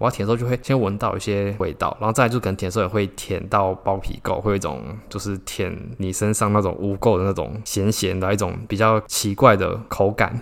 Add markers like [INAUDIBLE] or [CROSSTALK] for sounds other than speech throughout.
我要舔的時候，就會先聞到一些味道，然後再來就可能舔的時候也會舔到包皮垢，會有一種就是舔你身上那種污垢的那種鹹鹹的一種比較奇怪的口感。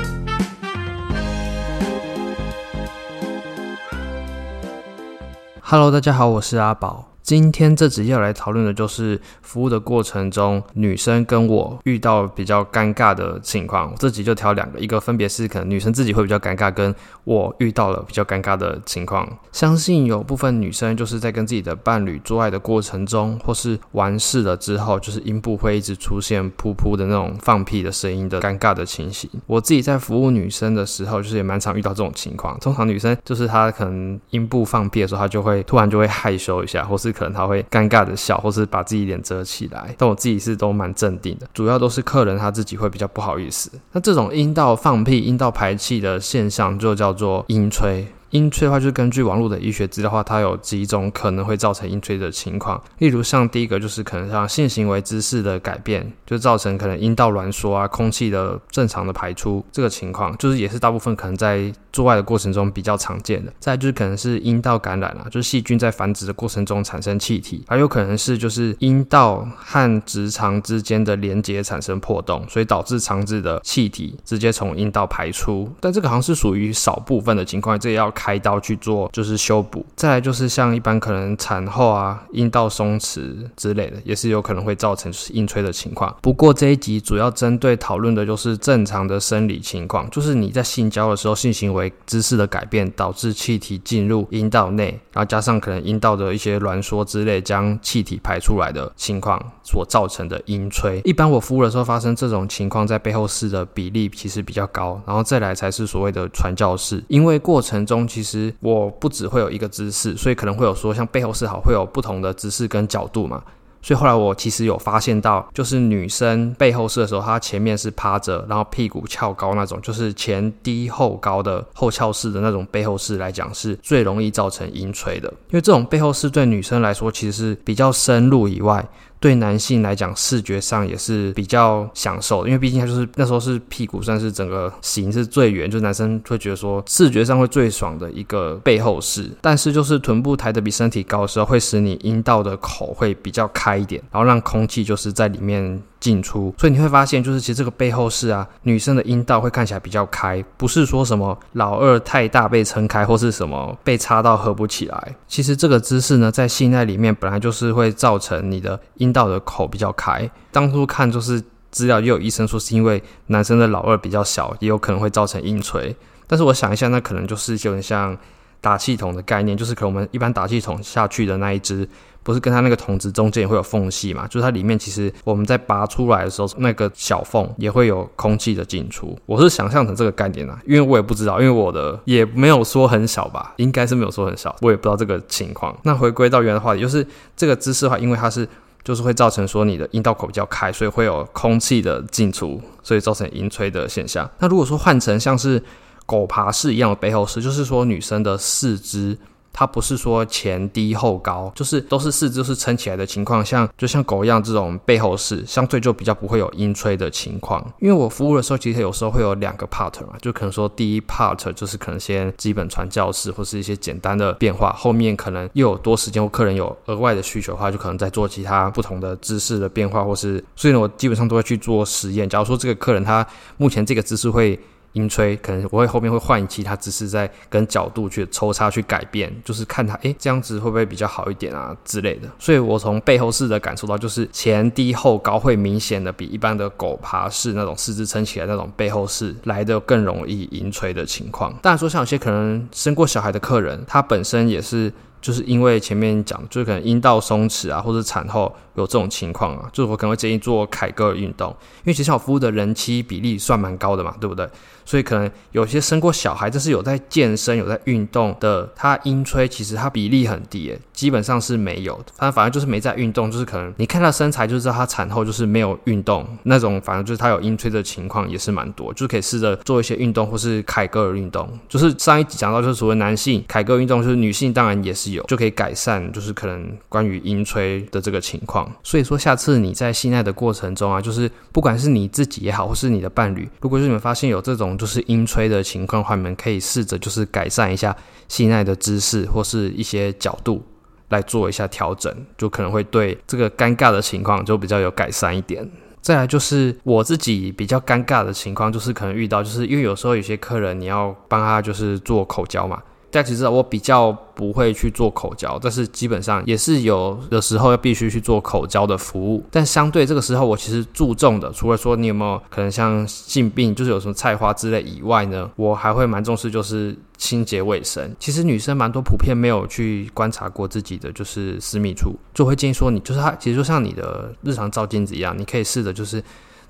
[MUSIC] Hello，大家好，我是阿寶。今天這集要來討論的就是服務的過程中，女生跟我遇到比較尷尬的情況。這集就挑兩個，一個分別是可能女生自己會比較尷尬，跟我遇到了比較尷尬的情況。相信有部分女生就是在跟自己的伴侶做愛的過程中，或是完事了之後，就是陰部會一直出現噗噗的那種放屁的聲音的尷尬的情形。我自己在服務女生的時候，就是也蠻常遇到這種情況。通常女生就是她可能陰部放屁的時候，她就會突然就會害羞一下，或是。可能他會尷尬的笑，或是把自己臉遮起來，但我自己是都蠻鎮定的，主要都是客人他自己會比較不好意思。那這種陰道放屁、陰道排氣的現象就叫做陰吹。陰吹的話，就是根據網絡的醫學資料的話，它有幾種可能會造成陰吹的情況，例如像第一個就是可能像性行為姿勢的改變，就造成可能陰道攣縮啊，空氣的正常的排出這個情況，就是也是大部分可能在。做愛的過程中比較常見的，再來就是可能是陰道感染啊，就是細菌在繁殖的過程中產生氣體，還有可能是就是陰道和直腸之間的連接產生破洞，所以導致腸子的氣體直接從陰道排出。但這個好像是屬於少部分的情況，這也要開刀去做就是修補。再來就是像一般可能產後啊、陰道鬆弛之類的，也是有可能會造成陰吹的情況。不過這一集主要針對討論的就是正常的生理情況，就是你在性交的時候性行為。姿勢的改變導致氣體進入陰道內，然後加上可能陰道的一些攣縮之類，將氣體排出來的情況所造成的陰吹。一般我服務的時候發生這種情況，在背後式的比例其實比較高，然後再來才是所謂的傳教式。因為過程中其實我不只會有一個姿勢，所以可能會有說像背後式好，會有不同的姿勢跟角度嘛。所以後來我其實有發現到，就是女生背後式的時候，她前面是趴着，然後屁股翹高那種，就是前低後高的後翹式的那種背後式來講，是最容易造成陰吹的。因為這種背後式對女生來說，其實是比較深入以外。對男性來講，視覺上也是比較享受的，因為畢竟他就是那時候是屁股算是整個形是最圓，就是男生會覺得說視覺上會最爽的一個背後式。但是就是臀部抬得比身體高的時候，會使你陰道的口會比較開一點，然後讓空氣就是在裡面進出，所以你會發現，就是其實這個背後是啊，女生的陰道會看起來比較開，不是說什麼老二太大被撐開，或是什麼被插到合不起來。其實這個姿勢呢，在性愛裡面本來就是會造成你的陰道的口比較開。當初看就是資料，也有醫生說是因為男生的老二比較小，也有可能會造成陰吹。但是我想一下，那可能就是有點像打氣筒的概念，就是可能我們一般打氣筒下去的那一支。不是跟它那個筒子中間也會有縫隙嘛？就是它裡面其實我們在拔出來的時候，那個小縫也會有空氣的進出。我是想象成這個概念啊，因為我也不知道，因為我的也沒有說很小吧，應該是沒有說很小，我也不知道這個情況。那回歸到原來的話題，就是這個姿勢的話，因為它是就是會造成說你的陰道口比較開，所以會有空氣的進出，所以造成陰吹的現象。那如果說換成像是狗爬式一樣的背後式，就是說女生的四肢。它不是說前低後高，就是都是四肢是撐起來的情況，像就像狗一樣這種背後式，相對就比較不會有陰吹的情況。因為我服務的時候，其實有時候會有兩個 part 嘛，就可能說第一 part 就是可能先基本傳教士，或是一些簡單的變化，後面可能又有多時間或客人有額外的需求的話，就可能再做其他不同的姿勢的變化，或是所以呢，我基本上都會去做實驗。假如說這個客人他目前這個姿勢會。陰吹可能我會後面會換其他姿勢，在跟角度去抽插去改變，就是看他誒、欸，這樣子會不會比較好一點啊之類的。所以我從背後式的感受到，就是前低後高會明顯的比一般的狗爬式那種四肢撐起來那種背後式來的更容易陰吹的情況。當然說像有些可能生過小孩的客人，他本身也是就是因為前面講，就可能陰道鬆弛啊，或者產後有這種情況啊，就是我可能會建議做凱格爾運動，因為其實我服務的人妻比例算蠻高的嘛，對不對？所以可能有些生過小孩，這是有在健身、有在運動的，他陰吹其實他比例很低，哎，基本上是沒有的，他反正就是沒在運動，就是可能你看他身材，就知道他產後就是沒有運動那種，反正就是他有陰吹的情況也是蠻多，就可以試着做一些運動或是凱格爾運動。就是上一集講到，就是所謂男性凱格爾運動，就是女性當然也是有，就可以改善就是可能關於陰吹的這個情況。所以說下次你在性愛的過程中啊，就是不管是你自己也好，或是你的伴侶，如果是你們發現有這種。就是陰吹的情況的話，你們可以試着就是改善一下性愛的姿勢或是一些角度來做一下調整，就可能會對這個尷尬的情況就比較有改善一點。再來就是我自己比較尷尬的情況，就是可能遇到就是因為有時候有些客人你要幫他就是做口交嘛。大家其實，我比較不會去做口交，但是基本上也是有的時候要必須去做口交的服務。但相對這個時候，我其實注重的，除了說你有沒有可能像性病，就是有什麼菜花之類以外呢，我還會蠻重視就是清潔衛生。其實女生蠻多普遍沒有去觀察過自己的就是私密處，就會建議說你就是它，其實就像你的日常照鏡子一樣，你可以試着就是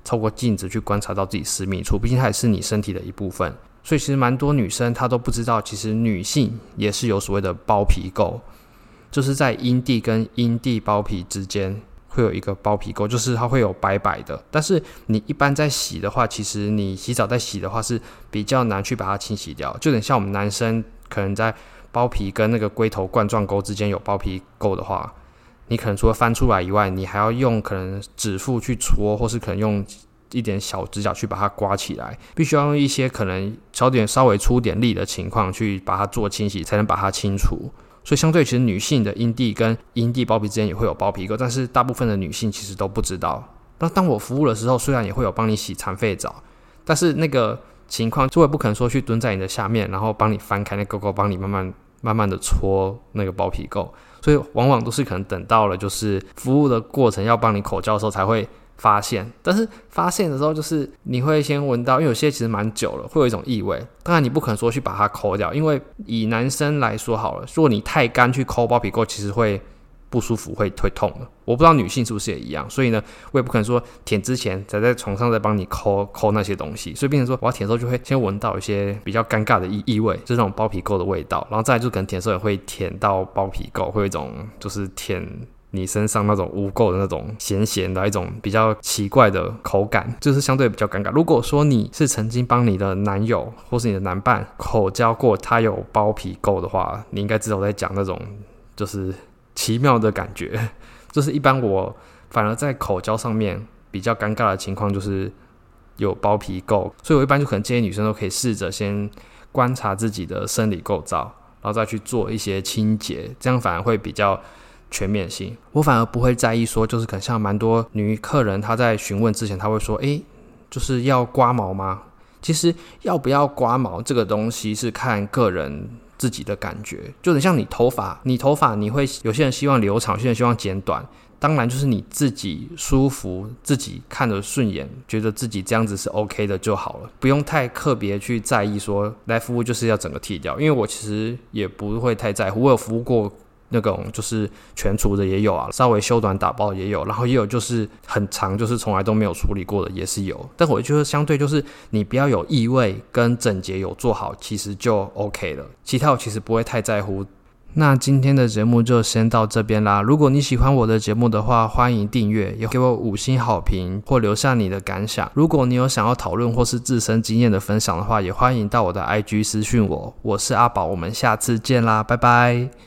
透過鏡子去觀察到自己私密處，畢竟它也是你身體的一部分。所以其實蠻多女生她都不知道，其實女性也是有所謂的包皮垢，就是在陰蒂跟陰蒂包皮之間會有一個包皮垢，就是它會有白白的。但是你一般在洗的話，其實你洗澡在洗的話是比較難去把它清洗掉，就等像我們男生可能在包皮跟那個龜頭冠狀溝之間有包皮垢的話，你可能除了翻出來以外，你還要用可能指腹去搓，或是可能用。一點小指甲去把它刮起來，必須要用一些可能小點、稍微出點力的情況去把它做清洗，才能把它清除。所以，相對其實女性的陰蒂跟陰蒂包皮之間也會有包皮垢，但是大部分的女性其實都不知道。那當我服務的時候，雖然也會有幫你洗殘廢澡，但是那個情況就會不可能說去蹲在你的下面，然後幫你翻開那溝溝，幫你慢慢慢慢的搓那個包皮垢。所以，往往都是可能等到了就是服務的過程要幫你口交的時候才會。發現，但是發現的時候，就是你會先聞到，因為有些其實蠻久了，會有一種異味。當然，你不可能說去把它摳掉，因為以男生來說好了，如果你太乾去摳包皮垢，其實會不舒服，會會痛的。我不知道女性是不是也一樣，所以呢，我也不可能說舔之前在在床上再幫你摳摳那些東西。所以，變成說我要舔的時候，就會先聞到一些比較尷尬的異異味，就是那種包皮垢的味道。然後再來就可能舔的時候也會舔到包皮垢，會有一種就是舔。你身上那種污垢的那種鹹鹹的一種比較奇怪的口感，就是相對比較尷尬。如果說你是曾經幫你的男友或是你的男伴口交過，他有包皮垢的話，你應該知道我在講那種就是奇妙的感覺。就是一般我反而在口交上面比較尷尬的情況，就是有包皮垢，所以我一般就可能建議女生都可以試着先觀察自己的生理構造，然後再去做一些清潔，這樣反而會比較。全面性，我反而不會在意說，說就是，可能像蠻多女客人，她在詢問之前，她會說：“誒、欸，就是要刮毛嗎？”其實要不要刮毛這個東西是看個人自己的感覺。就很像你頭髮，你頭髮你會有些人希望留長，有些人希望剪短。當然，就是你自己舒服，自己看着順眼，覺得自己這樣子是 OK 的就好了，不用太特別去在意說來服務就是要整個剃掉。因為我其實也不會太在乎，我有服務過。那種就是全除的也有啊，稍微修短打包也有，然後也有就是很長，就是從來都沒有處理過的也是有。但我覺得相對就是你不要有異味跟整潔有做好，其實就 OK 了。其他我其實不會太在乎。那今天的節目就先到這邊啦。如果你喜歡我的節目的話，歡迎訂閱，也給我五星好評或留下你的感想。如果你有想要討論或是自身經驗的分享的話，也歡迎到我的 IG 私訊我。我是阿寶，我們下次見啦，拜拜。